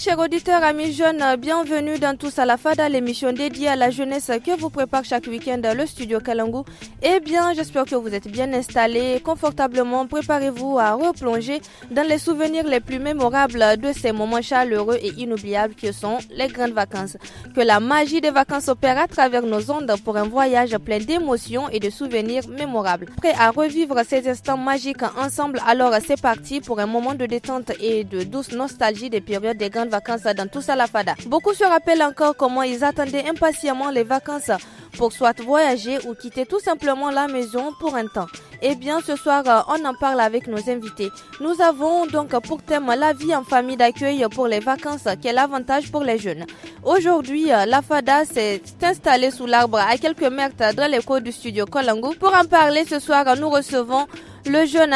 chers auditeurs, amis jeunes, bienvenue dans Tous à la Fada, l'émission dédiée à la jeunesse que vous prépare chaque week-end le studio Kalangu. Eh bien, j'espère que vous êtes bien installés, confortablement. Préparez-vous à replonger dans les souvenirs les plus mémorables de ces moments chaleureux et inoubliables que sont les grandes vacances. Que la magie des vacances opère à travers nos ondes pour un voyage plein d'émotions et de souvenirs mémorables. Prêts à revivre ces instants magiques ensemble, alors c'est parti pour un moment de détente et de douce nostalgie des périodes des grandes vacances dans tout ça la fada. Beaucoup se rappellent encore comment ils attendaient impatiemment les vacances pour soit voyager ou quitter tout simplement la maison pour un temps. Eh bien, ce soir, euh, on en parle avec nos invités. Nous avons donc pour thème la vie en famille d'accueil pour les vacances, quel avantage pour les jeunes. Aujourd'hui, euh, la FADA s'est installée sous l'arbre à quelques mètres dans l'écho du studio Kolangu. Pour en parler ce soir, nous recevons le jeune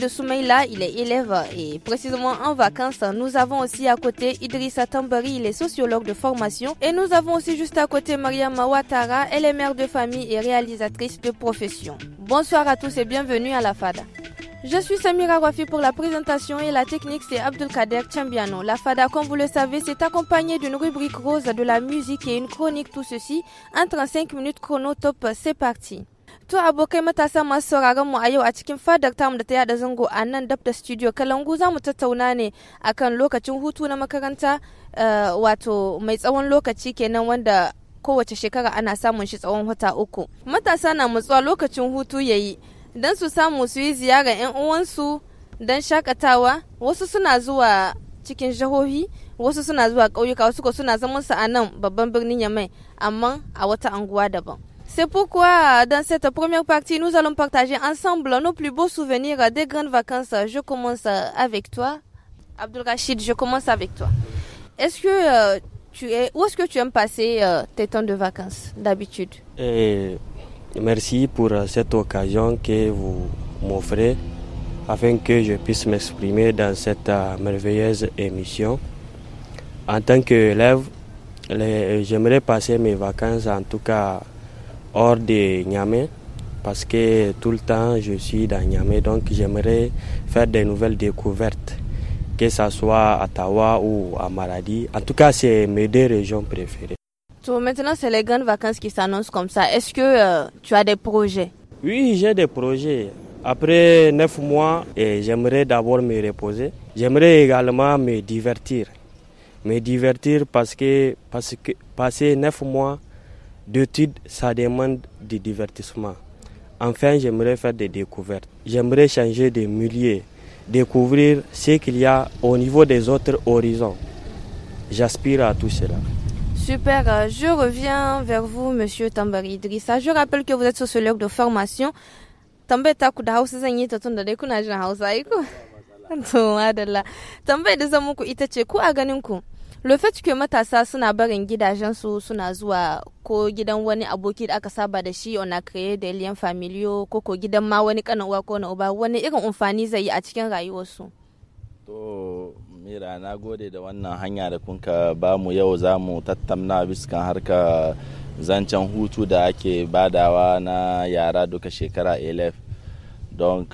de Soumeila, il est élève et précisément en vacances. Nous avons aussi à côté Idrissa Tambari, il est sociologue de formation. Et nous avons aussi juste à côté Maria Mawatara, elle est mère de famille et réalisatrice de profession. Bonsoir à tous et bienvenue à la FADA. Je suis Samira Wafi pour la présentation et la technique, c'est Kader Chambiano. La FADA, comme vous le savez, c'est accompagné d'une rubrique rose de la musique et une chronique, tout ceci en 5 minutes chrono top, c'est parti. To abokai matasa masu sauraron mu a yau a cikin fadar tamu da ta yada zango a nan dab da studio Kalangu za mu tattauna ne akan lokacin hutu na makaranta eh, wato mai tsawon lokaci kenan wanda kowace shekara ana samun shi tsawon wata uku. Matasa na mutsuwa lokacin hutu ya yi don su samu su yi ziyara 'yan uwansu don shakatawa wasu suna zuwa cikin jihohi wasu suna zuwa ƙauyuka wasu suna zaman su a nan babban birnin Yamai amma a wata anguwa daban. C'est pourquoi, euh, dans cette première partie, nous allons partager ensemble nos plus beaux souvenirs des grandes vacances. Je commence euh, avec toi. Abdul Rachid, je commence avec toi. Est-ce que euh, tu es, où est-ce que tu aimes passer tes temps de vacances d'habitude eh, Merci pour cette occasion que vous m'offrez afin que je puisse m'exprimer dans cette merveilleuse émission. En tant qu'élève, j'aimerais passer mes vacances en tout cas hors de Niamey parce que tout le temps je suis dans Niamey donc j'aimerais faire des nouvelles découvertes que ce soit à Tawa ou à Maradi. En tout cas, c'est mes deux régions préférées. maintenant, c'est les grandes vacances qui s'annoncent comme ça. Est-ce que euh, tu as des projets Oui, j'ai des projets. Après neuf mois, j'aimerais d'abord me reposer. J'aimerais également me divertir. Me divertir parce que, parce que passer neuf mois d'études, ça demande du divertissement. Enfin, j'aimerais faire des découvertes. J'aimerais changer de milieu, découvrir ce qu'il y a au niveau des autres horizons. J'aspire à tout cela. Super, euh, je reviens vers vous, Monsieur Tambari Idrissa. Je rappelle que vous êtes sociologue de formation. lofet ke matasa suna barin gidajensu suna zuwa ko gidan wani aboki da aka saba da shi ona kreye da liyan familiyo ko ko gidan ma wani kanan uwa ko na uba wani irin amfani zai yi a cikin rayuwarsu to mira na gode da wannan hanya da kunka ba mu yau za mu tattauna biskan harka zancen hutu da ake badawa na yara duka shekara elef don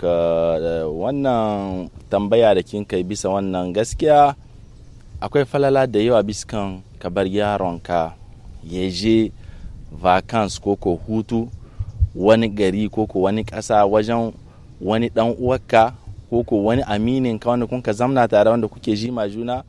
wannan tambaya da kinka bisa wannan gaskiya akwai falala da yawa biskan ka bar yaronka ya je vacans ko hutu wani gari ko wani ƙasa wajen wani dan uwarka ko wani aminin ka wanda kun ka zamna tare wanda kuke ji ma juna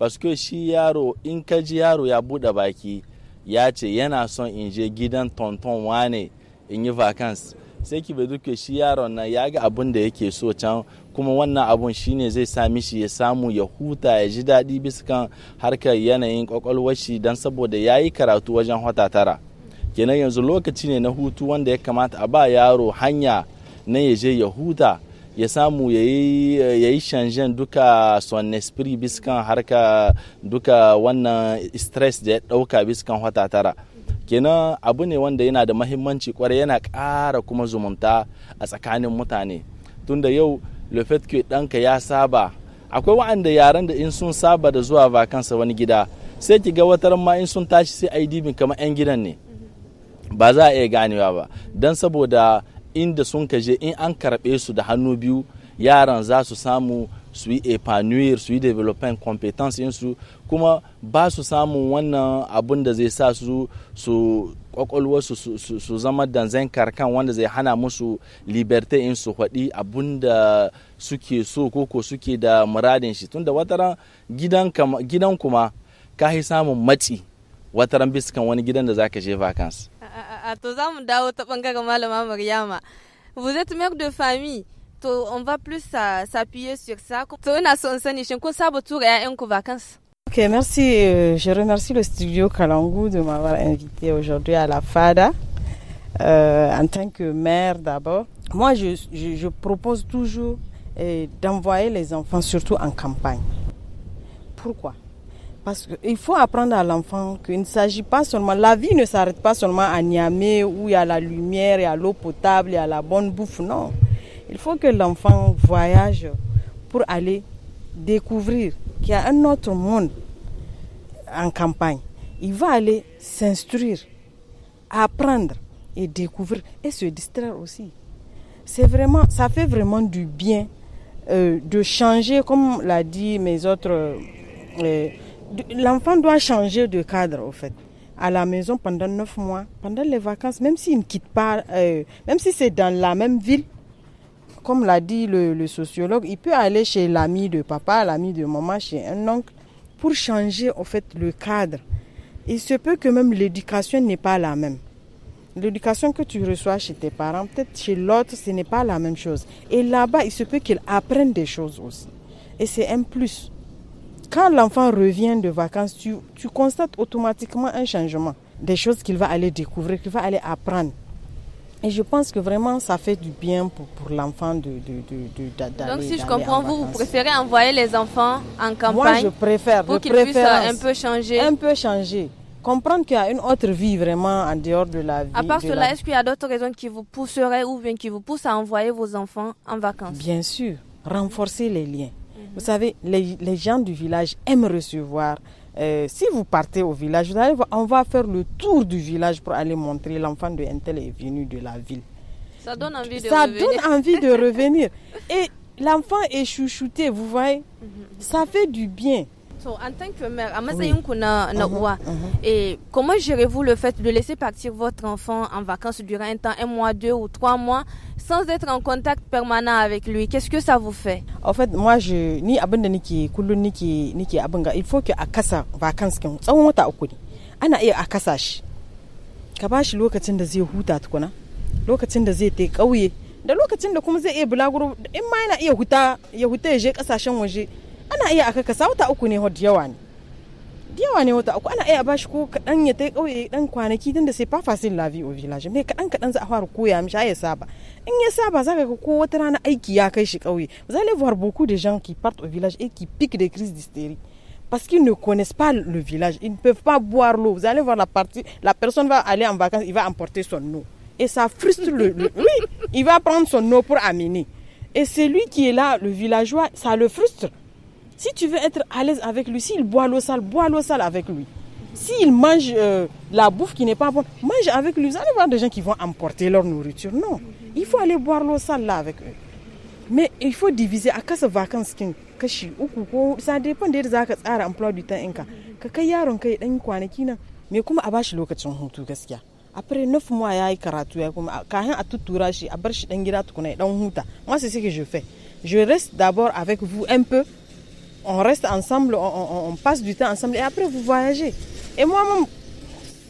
basko shi yaro in ka ji yaro ya bude baki ya ce yana son in je gidan tonton wane in yi vacans sai ki bai duke shi yaron nan ya ga abun da yake so can kuma wannan abun shine zai sa mishi ya samu ya huta ya ji daɗi bisa kan harkar yanayin kwakwalwar shi don saboda ya yi karatu wajen wata tara kenan yanzu lokaci ne na hutu wanda ya kamata a ba yaro hanya na ya je ya huta ya samu ya yi shanjen duka son esprit bisa kan harka duka wannan stress da ya ɗauka bisa kan wata tara kenan abu ne wanda yana da mahimmanci kwarai yana ƙara kuma zumunta a tsakanin mutane tunda yau lefet ke ɗanka ya saba akwai wa'anda yaran da in sun saba da zuwa vakansa wani gida sai ki ga wata ma in sun tashi sai ai dibin kamar 'yan gidan ne ba za a iya ganewa ba don saboda inda sun kaje in an karɓe su da hannu biyu yaran za su samu su yi a su yi development competence su kuma ba su samun wannan abun da zai sa su su kwakwalwa su zama danzan karkan wanda zai hana musu liberté in su faɗi abun da suke so koko suke da muradin shi tunda wataran gidan kuma ka yi samun matsi wataran biskan wani gidan da za ka je kansu. a to za mu dawo ta bangaren malama maryama vous êtes mère de famille to on va plus s'appuyer sur ça to ina so in sani shin kun saba tura ba kansu merci. Euh, je remercie le studio Kalangu de m'avoir invité aujourd'hui à la FADA. Euh, en tant que mère d'abord, moi je, je, propose toujours euh, d'envoyer les enfants surtout en campagne. Pourquoi Parce qu'il faut apprendre à l'enfant qu'il ne s'agit pas seulement, la vie ne s'arrête pas seulement à Niamey où il y a la lumière, il y l'eau potable, et y la bonne bouffe. Non, il faut que l'enfant voyage pour aller découvrir qu'il y a un autre monde en campagne, il va aller s'instruire, apprendre et découvrir et se distraire aussi. C'est vraiment, ça fait vraiment du bien euh, de changer, comme l'a dit mes autres. Euh, l'enfant doit changer de cadre, au fait à la maison pendant neuf mois, pendant les vacances, même s'il ne quitte pas, euh, même si c'est dans la même ville, comme l'a dit le, le, sociologue, il peut aller chez l'ami de papa, l'ami de maman, chez un oncle, pour changer en fait le cadre. Il se peut que même l'éducation n'est pas la même. L'éducation que tu reçois chez tes parents, peut-être chez l'autre, ce n'est pas la même chose. Et là-bas, il se peut qu'il apprenne des choses aussi. Et c'est un plus. Quand l'enfant revient de vacances, tu constates automatiquement un changement. Des choses qu'il va aller découvrir, qu'il va aller apprendre. Et je pense que vraiment, ça fait du bien pour, pour l'enfant de, de, Donc, si je comprends, vous, vous préférez envoyer les enfants en campagne Moi, je préfère. Pour qu'ils puissent euh, un peu changer. Un peu changer. Comprendre qu'il y a une autre vie vraiment en dehors de la vie. À part cela, est-ce qu'il y a d'autres raisons qui vous pousseraient ou bien qui vous poussent à envoyer vos enfants en vacances Bien sûr, renforcer les liens. Vous mhm. savez, les, les gens du village aiment recevoir euh, si vous partez au village, on va faire le tour du village pour aller montrer l'enfant de Intel est venu de la ville. Ça donne envie de Ça revenir. donne envie de revenir. Et l'enfant est chouchouté, vous voyez. Mhm, mhm. Ça fait du bien. So, en tant que mère, à Masayunku, uh-huh, uh-huh. et comment gérez-vous le fait de laisser partir votre enfant en vacances durant un temps, un mois, deux ou trois mois, sans être en contact permanent avec lui Qu'est-ce que ça vous fait En fait, moi, je ni abanda niki kullu ni niki abanga. Il faut que à kasa vacances kin tsawon wata uku ne. Ana iya a kasa shi. Ka ba lokacin da zai huta tukuna, lokacin da zai tai kauye, da lokacin da kuma zai iya bulaguro in ma yana iya huta, ya huta je kasashen waje ana iya village vous allez voir beaucoup de gens qui partent au village et qui piquent des crises d'hystérie parce qu'ils ne connaissent pas le village ils ne peuvent pas boire l'eau vous allez voir la partie la personne va aller en vacances il va emporter son eau et ça frustre le, le oui il va prendre son eau pour amener et celui qui est là le villageois ça le frustre si tu veux être à l'aise avec lui, s'il boit l'eau sale, bois l'eau sale avec lui. S'il mange euh, la bouffe qui n'est pas bonne, mange avec lui. Vous allez voir des gens qui vont emporter leur nourriture. Non, il faut aller boire l'eau sale là avec eux. Mais il faut diviser à casa vacances kin kashi uku ko ça dépend da zaka tsara emploi du temps ɗinka. Ka kai yaron kai dan kwanaki nan me kuma a bashi lokacin hutu gaskiya. après neuf mois yayi karatu ya kuma kahin a tuttura shi a bar shi dan gida tukuna dan huta. Moi c'est ce que je fais. Je reste d'abord avec vous un peu on reste ensemble, on, passe du temps ensemble et après vous voyagez. Et moi, même,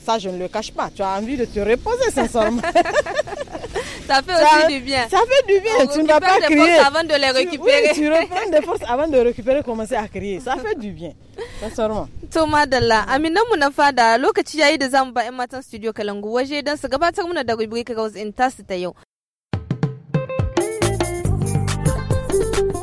ça je ne le cache pas, tu as envie de te reposer sincèrement. ça fait aussi du bien. Ça fait du bien, tu ne vas pas crier. avant de les récupérer. Tu, tu reprends des forces avant de récupérer, commencer à crier. Ça fait du bien, sincèrement. fada studio Kalangu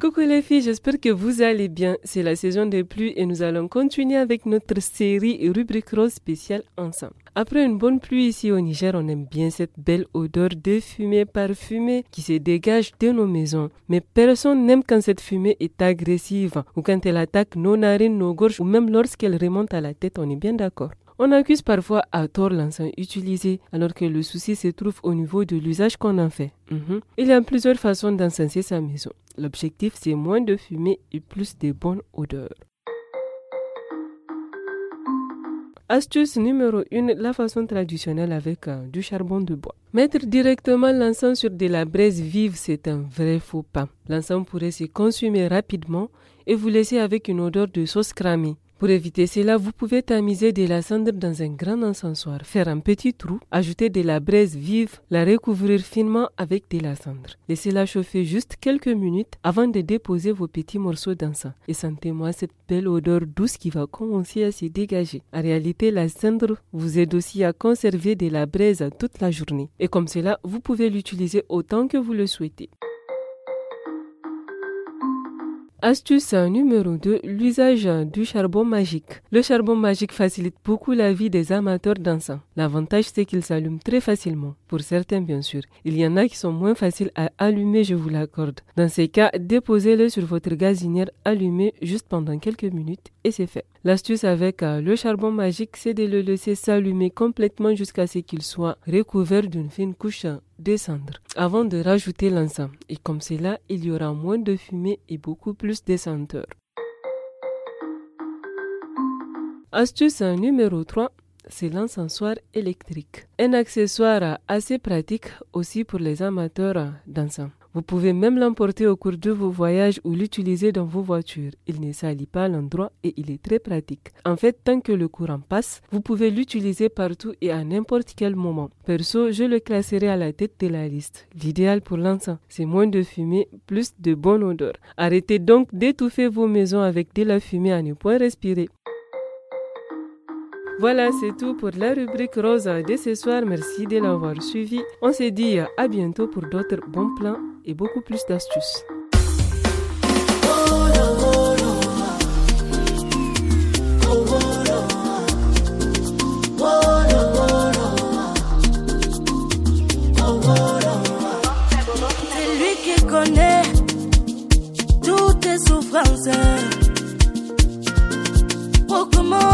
Coucou les filles, j'espère que vous allez bien. C'est la saison des pluies et nous allons continuer avec notre série rubrique rose spéciale ensemble. Après une bonne pluie ici au Niger, on aime bien cette belle odeur de fumée parfumée qui se dégage de nos maisons. Mais personne n'aime quand cette fumée est agressive ou quand elle attaque nos narines, nos gorges ou même lorsqu'elle remonte à la tête, on est bien d'accord. On accuse parfois à tort l'encens utilisé, alors que le souci se trouve au niveau de l'usage qu'on en fait. Mhm. Il y a plusieurs façons d'encenser sa maison. L'objectif, c'est moins de fumée et plus de bonne odeur. Astuce numéro 1, la façon traditionnelle avec euh, du charbon de bois. Mettre directement l'encens sur de la braise vive, c'est un vrai faux pas. L'encens pourrait se consumer rapidement et vous laisser avec une odeur de sauce cramée. Pour éviter cela, vous pouvez tamiser de la cendre dans un grand encensoir, faire un petit trou, ajouter de la braise vive, la recouvrir finement avec de la cendre. Laissez-la chauffer juste quelques minutes avant de déposer vos petits morceaux d'encens. Et sentez-moi cette belle odeur douce qui va commencer à se dégager. En réalité, la cendre vous aide aussi à conserver de la braise toute la journée. Et comme cela, vous pouvez l'utiliser autant que vous le souhaitez. Astuce numéro 2, l'usage du charbon magique. Le charbon magique facilite beaucoup la vie des amateurs d'encens. L'avantage, c'est qu'il s'allume très facilement. Pour certains, bien sûr. Il y en a qui sont moins faciles à allumer, je vous l'accorde. Dans ces cas, déposez-le sur votre gazinière allumée juste pendant quelques minutes et c'est fait. L'astuce avec euh, le charbon magique, c'est de le laisser s'allumer complètement jusqu'à ce qu'il soit recouvert d'une fine couche descendre avant de rajouter l'encens. Et comme cela, il y aura moins de fumée et beaucoup plus de senteur. Astuce numéro 3, c'est l'encensoir électrique. Un accessoire assez pratique aussi pour les amateurs d'encens. Vous pouvez même l'emporter au cours de vos voyages ou l'utiliser dans vos voitures. Il ne salit pas l'endroit et il est très pratique. En fait, tant que le courant passe, vous pouvez l'utiliser partout et à n'importe quel moment. Perso, je le classerai à la tête de la liste. L'idéal pour l'encens, c'est moins de fumée, plus de bonne odeur. Arrêtez donc d'étouffer vos maisons avec de la fumée à ne point respirer. Voilà, c'est tout pour la rubrique rosa de ce soir. Merci de l'avoir suivi. On se dit à bientôt pour d'autres bons plans et beaucoup plus d'astuces. connaît toutes tes souffrances. comment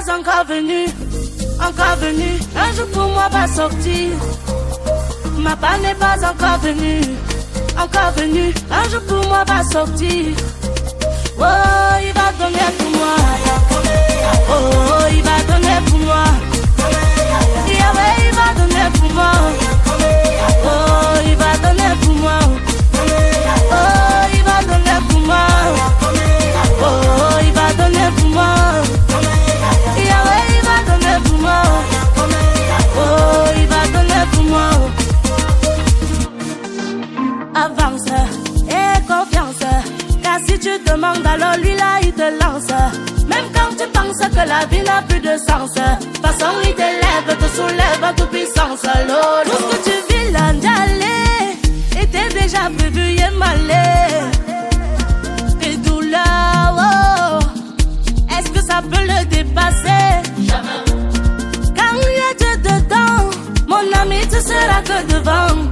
pas encore venu, encore venu. Un jour pour moi va sortir. Ma part n'est pas encore venue, encore venue. Un jour pour moi va sortir. Oh, il va donner pour moi. Oh, oh il va donner pour moi. il va donner pour moi. Oh, il va donner pour moi. Oh, il va donner pour moi. Oh, il va donner. Oh, oh, il va donner pour moi. Avance et confiance. Car si tu demandes, alors lui là, il te lance. Même quand tu penses que la vie n'a plus de sens. Façon, il lève, te soulève à toute puissance. devant.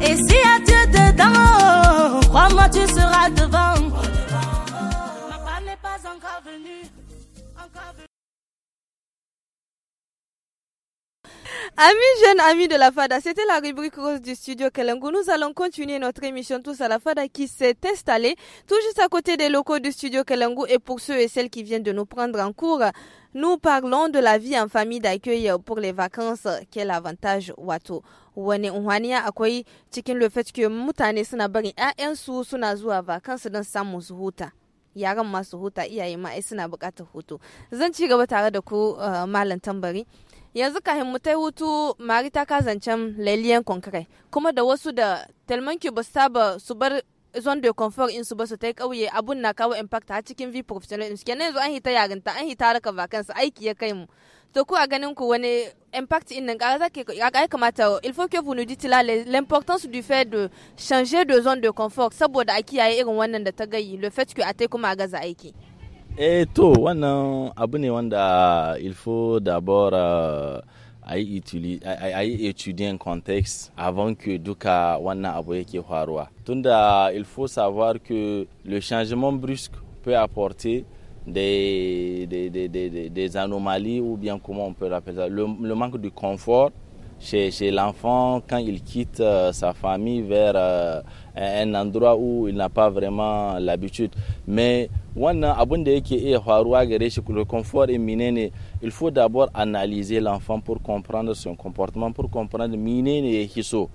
Et si y Dieu Dieu dedans, crois-moi, tu seras devant. Amis jeunes, amis de la FADA, c'était la rubrique rose du studio Kelangu. Nous allons continuer notre émission Tous à la FADA qui s'est installée tout juste à côté des locaux du studio Kelengu. Et pour ceux et celles qui viennent de nous prendre en cours, nous parlons de la vie en famille d'accueil pour les vacances. Quel avantage, Wato? wani unhaniya akwai cikin fait mutane suna barin suna zuwa Yaran masu iyaye suna hutu. Zan ci gaba tare euh, tambari. yanzu kahin mu ta hutu mari ta kazancen lailiyan konkarai kuma da wasu da talmanki ba su saba su bar zone de confort in su ba su ta kauye abun na kawo impact a cikin v in su kenan yanzu an hita yarinta an hita raka vacancy aiki ya kai mu to ku a ganin ku wani impact in nan kaza ke ya kamata il faut que vous nous dites là l'importance du fait de changer de zone de confort saboda a kiyaye irin wannan da ta gayi le fait que a ta kuma a gaza aiki et eh, tout, wannan abu wanda il faut d'abord étudier euh, étudier un contexte avant que duka wannan abu yake tunda il faut savoir que le changement brusque peut apporter des, des, des, des, des anomalies ou bien comment on peut l'appeler le, manque de confort chez, chez l'enfant quand il quitte euh, sa famille vers euh, Eh, un endroit où il n'a pas vraiment l'habitude mais wannan abin da yake iya e faruwa gare shi le confort in menene il faut d'abord analyser l'enfant pour comprendre son comportement pour comprendre ne ya hiso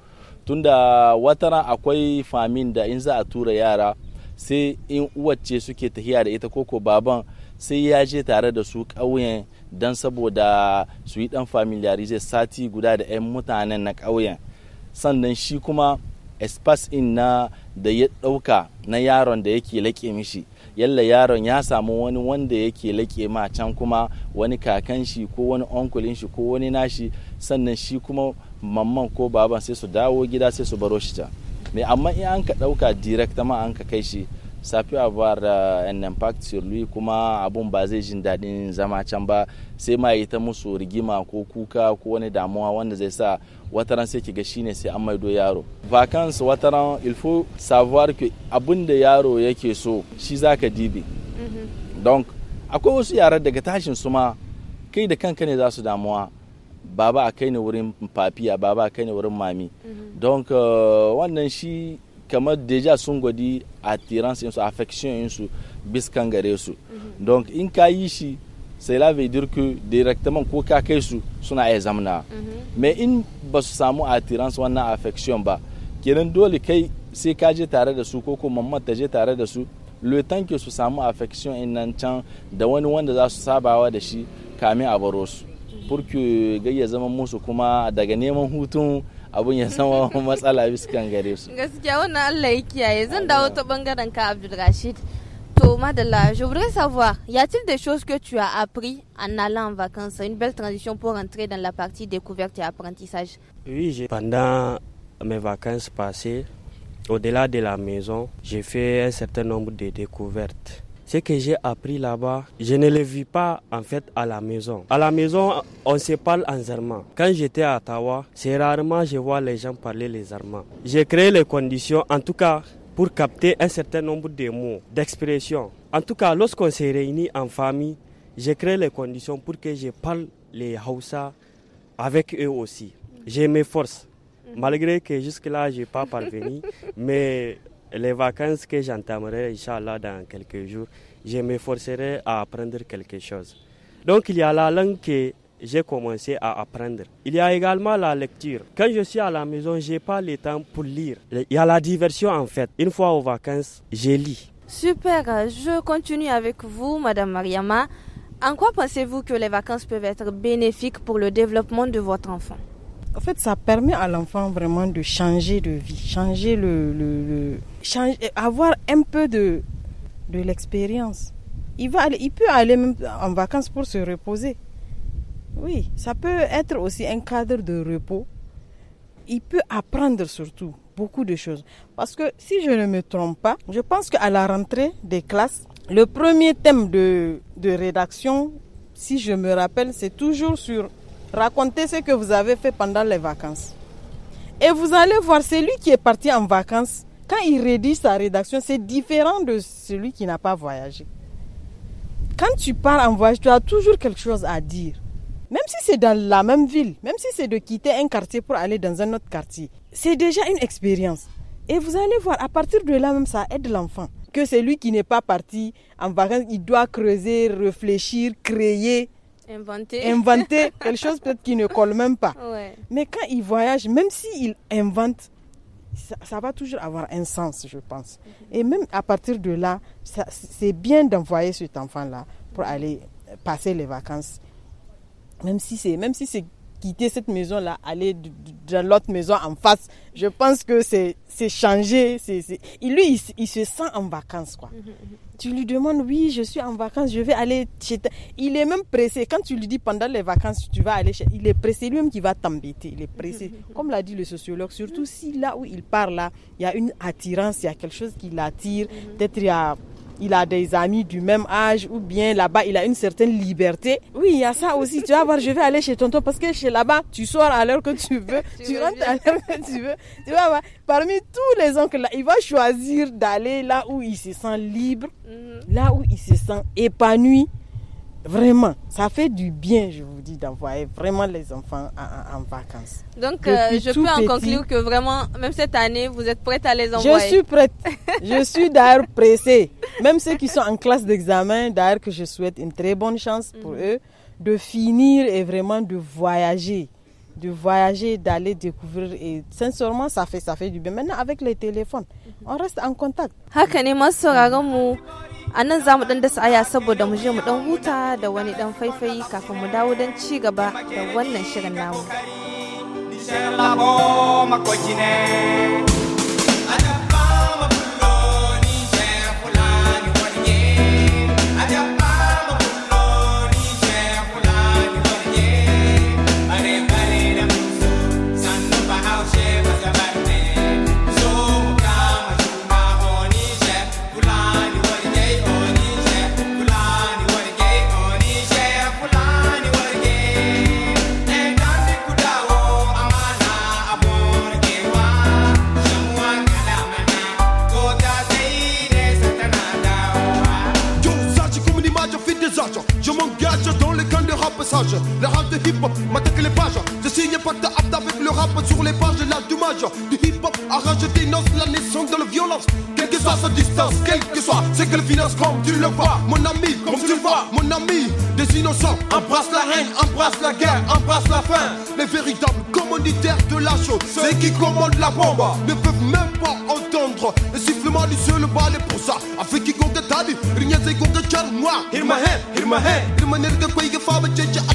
tunda wataran akwai famin da in za a tura yara sai in uwace suke tahiya da ita koko baban sai ya je tare da su ƙauyen don saboda su yi dan familiarize sati guda da 'yan mutanen na ƙauyen sannan shi kuma espas in na da ya ɗauka na yaron da yake laƙe mishi yalla yaron ya samu wani wanda yake laƙe ma can kuma wani kakan shi ko wani onkulin shi ko wani nashi sannan shi kuma mamman ko baban sai su dawo gida sai su baro shi ta mai amma in an ka ɗauka direct ma an ka kai shi safi abuwar an eh, impact sur lui kuma abun ba zai jin daɗin zama can ba sai ma yi ta musu rigima ko kuka ko wani damuwa wanda zai sa wataran sai kiga shine sai an maido yaro vacance wataran il faut savoir que abin da yaro yake so shi zaka dibe mhm. donc akwai wasu yaran daga tashin su ma kai da kanka ne za su damuwa baba a kai ni wurin papiya baba a kai ni wurin mami mhm. donc euh, wannan shi kamar deja sun gwadi attirance insu affection insu biskan gare su mhm. donc in ka yi shi cela veut dire que directement ko ka kai su suna iya zamna mai mhm. in ba su samu attirance wannan affection ba kenan dole kai sai ka je tare da su ko ko mamman ta je tare da su le temps que su samu affection in nan can da wani wanda za su sabawa da shi kamin a baro su pour que gayya zama musu kuma daga neman hutun abun ya zama matsala kan gare su gaskiya wannan Allah ya kiyaye zan dawo ta bangaren ka Abdulrashid Thomas Madala, je voudrais savoir, y a-t-il des choses que tu as appris en allant en vacances Une belle transition pour entrer dans la partie découverte et apprentissage. Oui, pendant mes vacances passées, au-delà de la maison, j'ai fait un certain nombre de découvertes. Ce que j'ai appris là-bas, je ne le vis pas en fait à la maison. À la maison, on se parle en allemand. Quand j'étais à Ottawa, c'est rarement je vois les gens parler les allemands J'ai créé les conditions, en tout cas pour capter un certain nombre de mots, d'expressions. En tout cas, lorsqu'on s'est réunit en famille, j'ai créé les conditions pour que je parle les Hausa avec eux aussi. Je m'efforce, malgré que jusque-là, je n'ai pas parvenu, mais les vacances que j'entamerai, Inch'Allah, dans quelques jours, je m'efforcerai à apprendre quelque chose. Donc, il y a la langue qui j'ai commencé à apprendre. Il y a également la lecture. Quand je suis à la maison, j'ai pas le temps pour lire. Il y a la diversion en fait. Une fois aux vacances, je lis. Super, je continue avec vous, Madame Mariama. En quoi pensez-vous que les vacances peuvent être bénéfiques pour le développement de votre enfant En fait, ça permet à l'enfant vraiment de changer de vie, changer le, avoir un peu de, de l'expérience. Il, va, il peut aller même en vacances pour se reposer. Oui, ça peut être aussi un cadre de repos. Il peut apprendre surtout beaucoup de choses. Parce que si je ne me trompe pas, je pense qu'à la rentrée des classes, le premier thème de, rédaction, si je me rappelle, c'est toujours sur raconter ce que vous avez fait pendant les vacances. Et vous allez voir, celui qui est parti en vacances, quand il rédige sa rédaction, c'est différent de celui qui n'a pas voyagé. Quand tu parles en voyage, tu as toujours quelque chose à dire. Même si c'est dans la même ville, même si c'est de quitter un quartier pour aller dans un autre quartier, c'est déjà une expérience. Et vous allez voir, à partir de là même, ça aide l'enfant. Que c'est lui qui n'est pas parti en vacances, il doit creuser, réfléchir, créer. Inventer. Inventer quelque chose peut-être qui ne colle même pas. Mais quand il voyage, même s'il invente, ça, va toujours avoir un sens, je pense. Et même à partir de là, c'est bien d'envoyer cet enfant-là pour aller passer les vacances même si c'est même si c'est quitter cette maison là aller dans l'autre maison en face je pense que c'est c'est changer c'est lui il, se sent en vacances quoi mhm, mhm. tu lui demandes oui je suis en vacances je vais aller chez il est même pressé quand tu lui dis pendant les vacances tu vas aller chez il est pressé lui-même qui va t'embêter il est pressé mhm, comme l'a dit le sociologue surtout si là où il parle, il y a une attirance il y a quelque chose qui l'attire peut-être il y a il a des amis du même âge ou bien là-bas il a une certaine liberté. Oui, il y a ça aussi. Tu vas voir, je vais aller chez tonton parce que chez là-bas tu sors à l'heure que tu veux, tu, rentres à l'heure que tu veux. Tu vas parmi tous les oncles là, il va choisir d'aller là où il se sent libre, mhm. là où il se sent épanoui. Vraiment, ça fait du bien, je vous dis, d'envoyer vraiment les enfants en, vacances. Donc, euh, je peux en conclure que vraiment, même cette année, vous êtes prête à les envoyer. Je suis prête. je suis d'ailleurs pressée. Même ceux qui sont en classe d'examen, d'ailleurs que je souhaite une très bonne chance pour mhm. eux de finir et vraiment de voyager de voyager, d'aller découvrir et sincèrement ça fait ça fait du bien. Maintenant avec les téléphones, mhm. on reste en contact. a nan za mu dan dasa aya saboda mu je mu dan huta da wani dan faifai kafin mu dawo dan ci gaba da wannan shirin namu. tu le vois, mon ami, comme tu le vois, mon ami. Des innocents, embrasse la haine, embrasse la guerre, embrasse la faim. Les véritables commanditaires de la chose, ceux qui commandent la bombe, ne peuvent même pas entendre le sifflement du seul balai pour ça. Afin qui comptent ta vie, rien ne compte, moi. Il m'a haine, il m'a haine, il m'a de il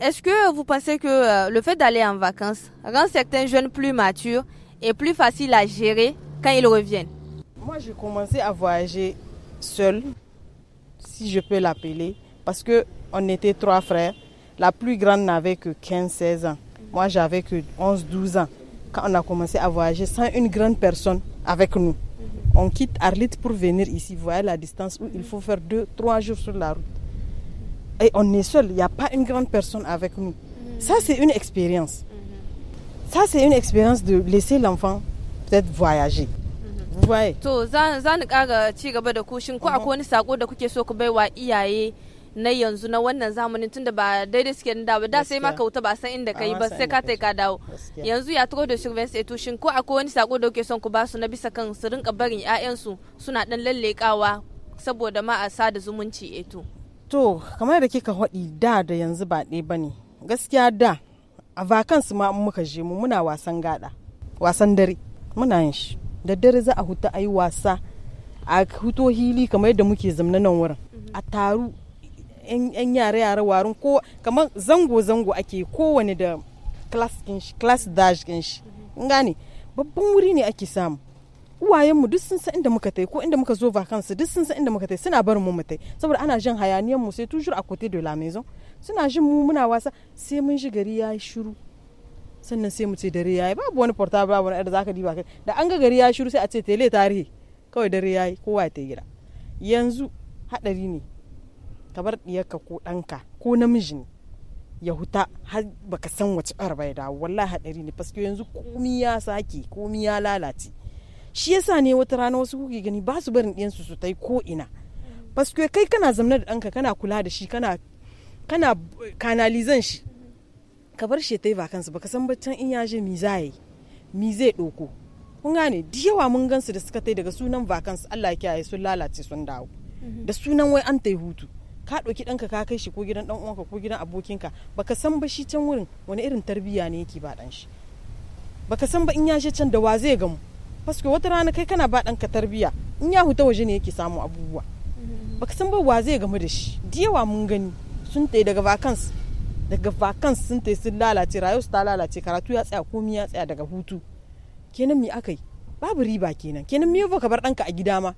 Est-ce que vous pensez que euh, le fait d'aller en vacances rend certains jeunes plus matures et plus faciles à gérer quand ils reviennent Moi, j'ai commencé à voyager seule, si je peux l'appeler, parce que on était trois frères. La plus grande n'avait que 15-16 ans. Moi, j'avais que 11-12 ans quand on a commencé à voyager sans une grande personne avec nous. On quitte Arlit pour venir ici. Vous voyez la distance où il faut faire deux, trois jours sur la route. et on est seul, il n'y a pas une grande personne avec nous. Mm. Ça, c'est une expérience. Mm-hmm. Ça, c'est une expérience de laisser l'enfant peut-être voyager. Mm-hmm. To za kara ci gaba da kushin ko uh-huh. akwai wani sako da kuke so ku baiwa iyaye na yanzu na wannan zamanin tunda ba daidai suke da ba da sai ma kauta ba san inda kai ba sai ka tai ka dawo yanzu ya turo da shirven sai tushin ko akwai wani sako da kuke son ku ba su na bisa kan su rinka barin 'ya'yansu suna dan lallekawa saboda ma a sada zumunci eto. Eh to kamar da kika haɗi da da yanzu ba ɗaya ba ne gaskiya da a vakansu ma muka je mu muna wasan gada wasan dare muna yin shi da dare za a huta a yi wasa a huto hili kamar yadda muke zamna nan wurin a taru yan yare yare warin ko kamar zango zango ake kowane da class dash shi in gane babban wuri ne ake samu mu duk sun san inda muka tai ko inda muka zo vacances duk sun san inda muka tai suna barin mu mu tai saboda ana jin hayaniyan mu sai toujours a côté de la maison suna jin mu muna wasa sai mun ji gari yayi shiru sannan sai mu ce dare yayi babu wani portable babu wani da zaka diba kai da an ga gari yayi shiru sai a ce tele tarihi kawai dare yayi kowa ya tai gida yanzu hadari ne ka bar diyarka ko danka ko namiji ne ya huta har baka san wace ƙarba ya dawo wallahi hadari ne paske yanzu komi ya sake komi ya lalace shi yasa ne wata rana wasu kuke gani ba su barin ɗiyansu su tai ko ina paske kai kana zamna da ɗanka kana kula da shi kana kana kanalizan shi ka bar shi tai vakansu baka san baccan in ya je mi za yi mi zai ɗauko kun gane da yawa mun gansu da suka tai daga sunan bakansu Allah ya kiyaye sun lalace sun dawo da sunan wai an tai hutu ka ɗauki ɗanka ka kai shi ko gidan ɗan uwanka ko gidan abokinka baka san ba shi can wurin wani irin tarbiyya ne yake ba ɗan shi baka san ba in ya je can da wa zai gamu paske wata rana kai kana ba ɗanka tarbiya in ya huta waje ne yake samu abubuwa baka san ba wa zai gamu da shi da yawa mun gani sun tai daga vacans daga vacans sun tai sun lalace su ta lalace karatu ya tsaya komi ya tsaya daga hutu kenan me aka yi babu riba kenan kenan me yau ka bar ɗanka a gida ma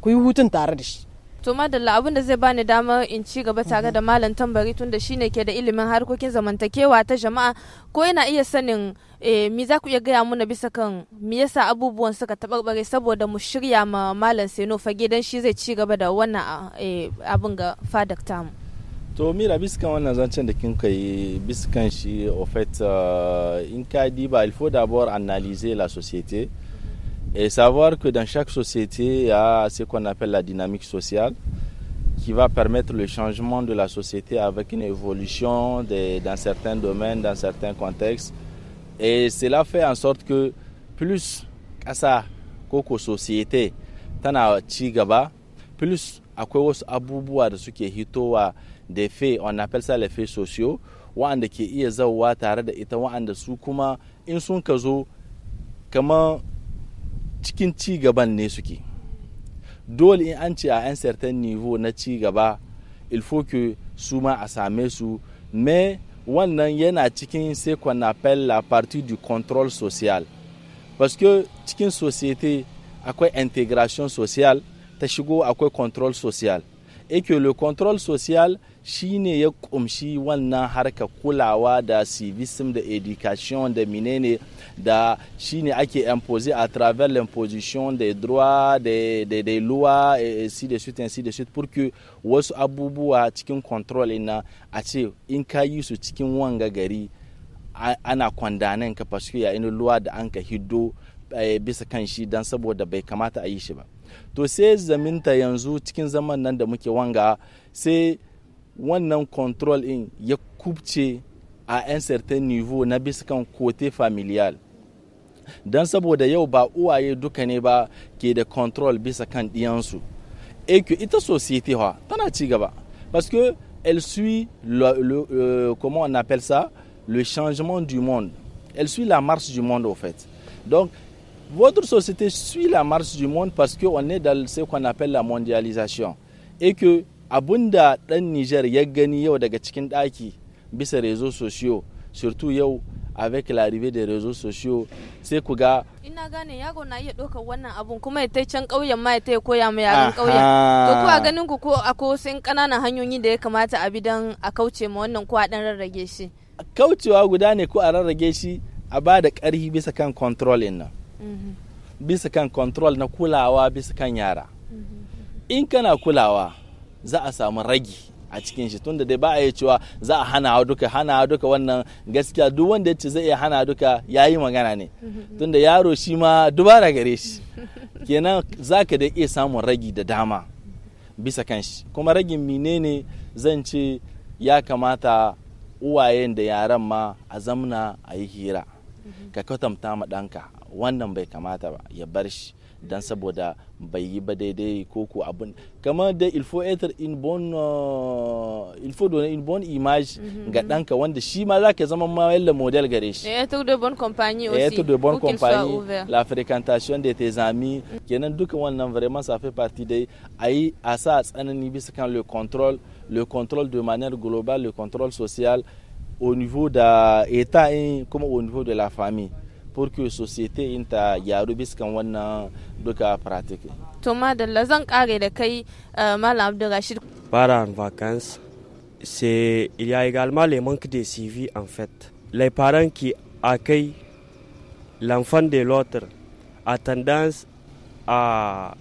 ku yi hutun tare da shi to madalla abin da zai bani damar in ci gaba tare mhm. da malam tambari tun da shine ke da ilimin harkokin zamantakewa ta jama'a ko yana iya sanin eh, mi za ku iya gaya muna bisa kan me yasa abubuwan suka taɓarɓare saboda mu shirya ma malam seno fage dan shi zai ci gaba da wannan eh, abin ga fadak tamu to mira biskan wannan zancen da kin kai biskan shi ofet in ka diba il faut d'abord analyser la société Et savoir que dans chaque société, il y a ce qu'on appelle la dynamique sociale qui va permettre le changement de la société avec une évolution dans certains domaines, dans certains contextes. Et cela fait en sorte que plus kasa sa société tana plus akwai wasu abubuwa da suke hitowa on appelle ça les faits sociaux wa'anda ke iya zauwa tare da ita su kuma in cikin ci ne suke dole in ce a certain niveau na gaba il faut que su a same su mais wannan yana cikin ce qu'on appelle la partie du contrôle social parce que cikin société akwai intégration sociale ta a akwai contrôle social et que le contrôle social shi ne ya kumshi wannan harka kulawa da civism da education da menene da shi ake impose a travers l'imposition des droits des, des, lois et ainsi de suite ainsi pour que wasu abubuwa cikin control na a ce in ka yi su cikin wanga gari ana kwandanan ka parce ya ina luwa da an ka hiddo eh, bisa kan shi dan saboda bai kamata a yi shi ba to sai zaminta yanzu cikin zaman nan da muke wanga sai wannan control in est kubce à un certain niveau na biskan côté familial Dans saboda yau ba uwaye duka ne ba ke da control bisa kan ɗiyansu société, parce que elle suit le, euh, comment on appelle ça le changement du monde elle suit la marche du monde au fait donc votre société suit la marche du monde parce qu'on est dans ce qu'on appelle la mondialisation et que abun da dan Nijar ya gani yau daga cikin ɗaki bisa rezo sosiyo surtout yau avec la de rezo sosiyo sai ku ga ina gane yaro na iya ɗaukar wannan abun kuma ya tai can ƙauyen ma ya tai koya ma yaran ƙauyen to ku a ganin ku ko akwai sun ƙananan hanyoyi da ya kamata a bi don a kauce ma wannan ko a dan rarrage shi kaucewa guda ne ko a rarrage shi a ba da ƙarfi bisa kan control nan mhm. bisa kan control na kulawa bisa kan yara mhm. in kana kulawa za a samu ragi a cikin shi tunda dai ba a yi cewa za a hana duka hana duka wannan gaskiya duk wanda ya ce zai iya hana duka ya yi magana ne tunda yaro shi ma dubara gare shi kenan za ka da iya samun ragi da dama bisa kan shi kuma ragin menene zan ce ya kamata uwayen da yaran ma a zamna a yi hira mhm. ka kwatanta ma ɗanka wannan bai kamata ba ya bar shi dan saboda bai yi ba daidai ko ko abin kamar da il faut être une bonne uh, il faut donner une bonne image mhm. ga danka wanda shi ma zaka zama ma le model gare shi et être de bonne compagnie aussi et être de bonne compagnie la fréquentation de tes amis mm. kenan duka wannan vraiment ça fait partie dai ai a sa tsanani bisa kan le contrôle le contrôle de manière globale le contrôle social au niveau de l'État et comme au niveau de la famille que que la société ait wannan duka pratique Thomas eh, en vacances il y a également le manque de suivi en fait les parents qui accueillent l'enfant de l'autre a tendance à,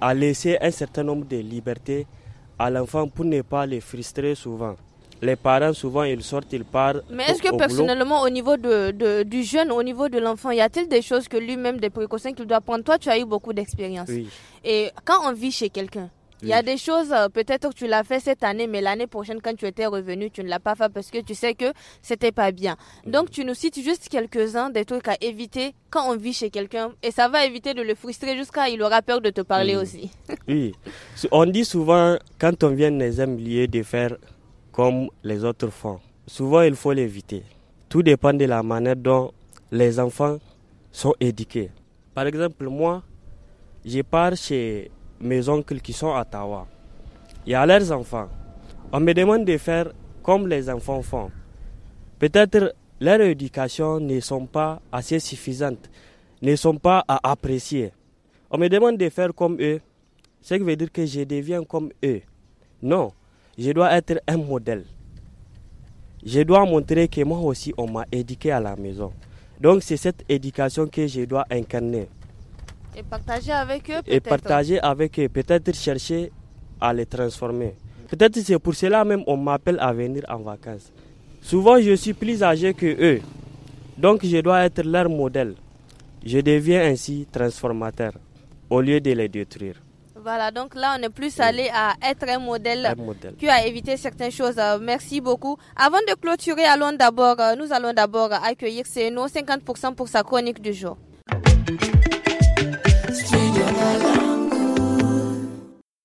à laisser un certain nombre de libertés à l'enfant pour ne pas les frustrer souvent les parents, souvent, ils sortent, ils partent. Mais est-ce que personnellement, au niveau du jeune, au niveau de l'enfant, y a-t-il des choses que lui-même, des précautions qu'il doit prendre Toi, tu as eu beaucoup d'expérience. Et quand on vit chez quelqu'un, il y a des choses, euh, peut-être que tu l'as fait cette année, mais l'année prochaine, quand tu étais revenu, tu ne l'as pas fait parce que tu sais que c'était pas bien. Donc, tu nous cites juste quelques-uns des trucs à éviter quand on vit chez quelqu'un et ça va éviter de le frustrer jusqu'à il aura peur de te parler aussi. oui. On dit souvent, quand on vient les un de faire comme les autres font. Souvent, il faut l'éviter. Tout dépend de la manière dont les enfants sont éduqués. Par exemple, moi, je pars chez mes oncles qui sont à Ottawa. Il y a leurs enfants. On me demande de faire comme les enfants font. Peut-être leur éducation ne sont pas assez suffisantes, ne sont pas à apprécier. On me demande de faire comme eux, ce qui veut dire que je deviens comme eux. Non, je dois être un modèle. Je dois montrer que moi aussi, on m'a éduqué à la maison. Donc, c'est cette éducation que je dois incarner. Et partager avec eux Et partager avec eux, peut-être chercher à les transformer. Peut-être c'est pour cela même on m'appelle à venir en vacances. Souvent, je suis plus âgé que eux. Donc, je dois être leur modèle. Je deviens ainsi transformateur au lieu de les détruire. Voilà, donc là, on est plus allé à être un modèle, que à éviter certaines choses. Euh, merci beaucoup. Avant de clôturer, allons d'abord, euh, nous allons d'abord accueillir nos 50% pour sa chronique du jour.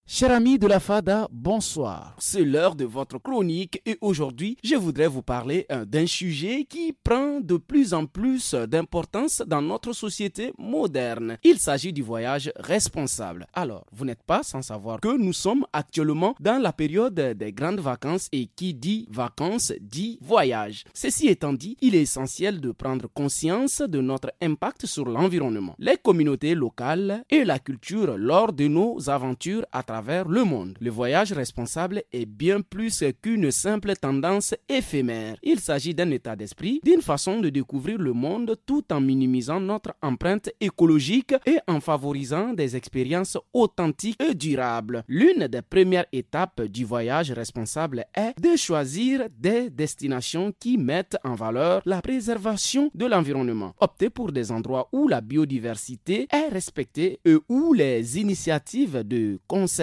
Chers amis de la FADA, bonsoir. C'est l'heure de votre chronique et aujourd'hui, je voudrais vous parler euh, d'un sujet qui prend de plus en plus d'importance dans notre société moderne. Il s'agit du voyage responsable. Alors, vous n'êtes pas sans savoir que nous sommes actuellement dans la période des grandes vacances et qui dit vacances dit voyage. Ceci étant dit, il est essentiel de prendre conscience de notre impact sur l'environnement, les communautés locales et la culture lors de nos aventures à le monde. Le voyage responsable est bien plus qu'une simple tendance éphémère. Il s'agit d'un état d'esprit, d'une façon de découvrir le monde tout en minimisant notre empreinte écologique et en favorisant des expériences authentiques et durables. L'une des premières étapes du voyage responsable est de choisir des destinations qui mettent en valeur la préservation de l'environnement. Optez pour des endroits où la biodiversité est respectée et où les initiatives de conservation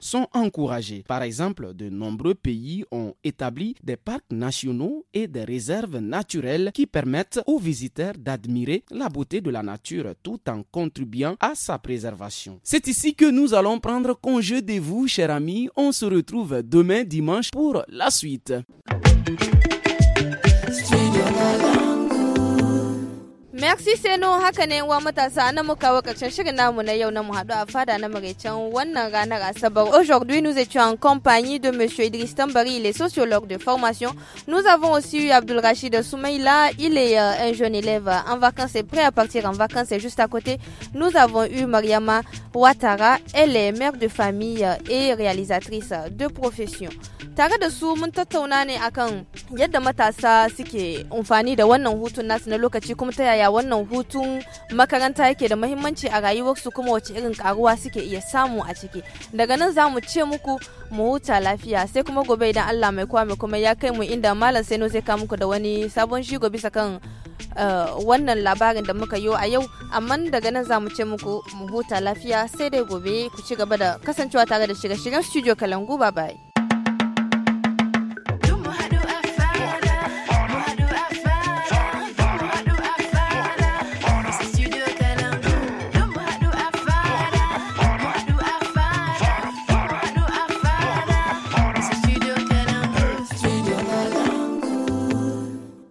sont encouragées. Par exemple, de nombreux pays ont établi des parcs nationaux et des réserves naturelles qui permettent aux visiteurs d'admirer la beauté de la nature tout en contribuant à sa préservation. C'est ici que nous allons prendre congé de vous, chers amis. On se retrouve demain dimanche pour la suite. Merci Seno Hakane, Aujourd'hui nous étions en compagnie de monsieur Idriss Tambari, il est sociologue de formation. Nous avons aussi eu Abdul Rachid Soumaïla, il est euh, un jeune élève en vacances et prêt à partir en vacances et juste à côté. Nous avons eu Mariama Ouattara, elle est mère de famille et réalisatrice de profession. tare da su mun tattauna ne akan yadda matasa suke amfani da wannan hutun nasu na lokaci kuma ta yaya wannan hutun makaranta yake da mahimmanci a rayuwarsu kuma wace irin karuwa suke iya samu a ciki daga nan za mu ce muku mu huta lafiya sai kuma gobe idan allah mai kwame kuma ya kai mu inda malam seno zai kawo muku da wani sabon shigo bisa kan eh, wannan labarin da muka yi a yau amma daga nan za mu ce muku mu huta lafiya sai dai gobe ku ci gaba da kasancewa tare da shirye-shiryen studio kalangu bye bye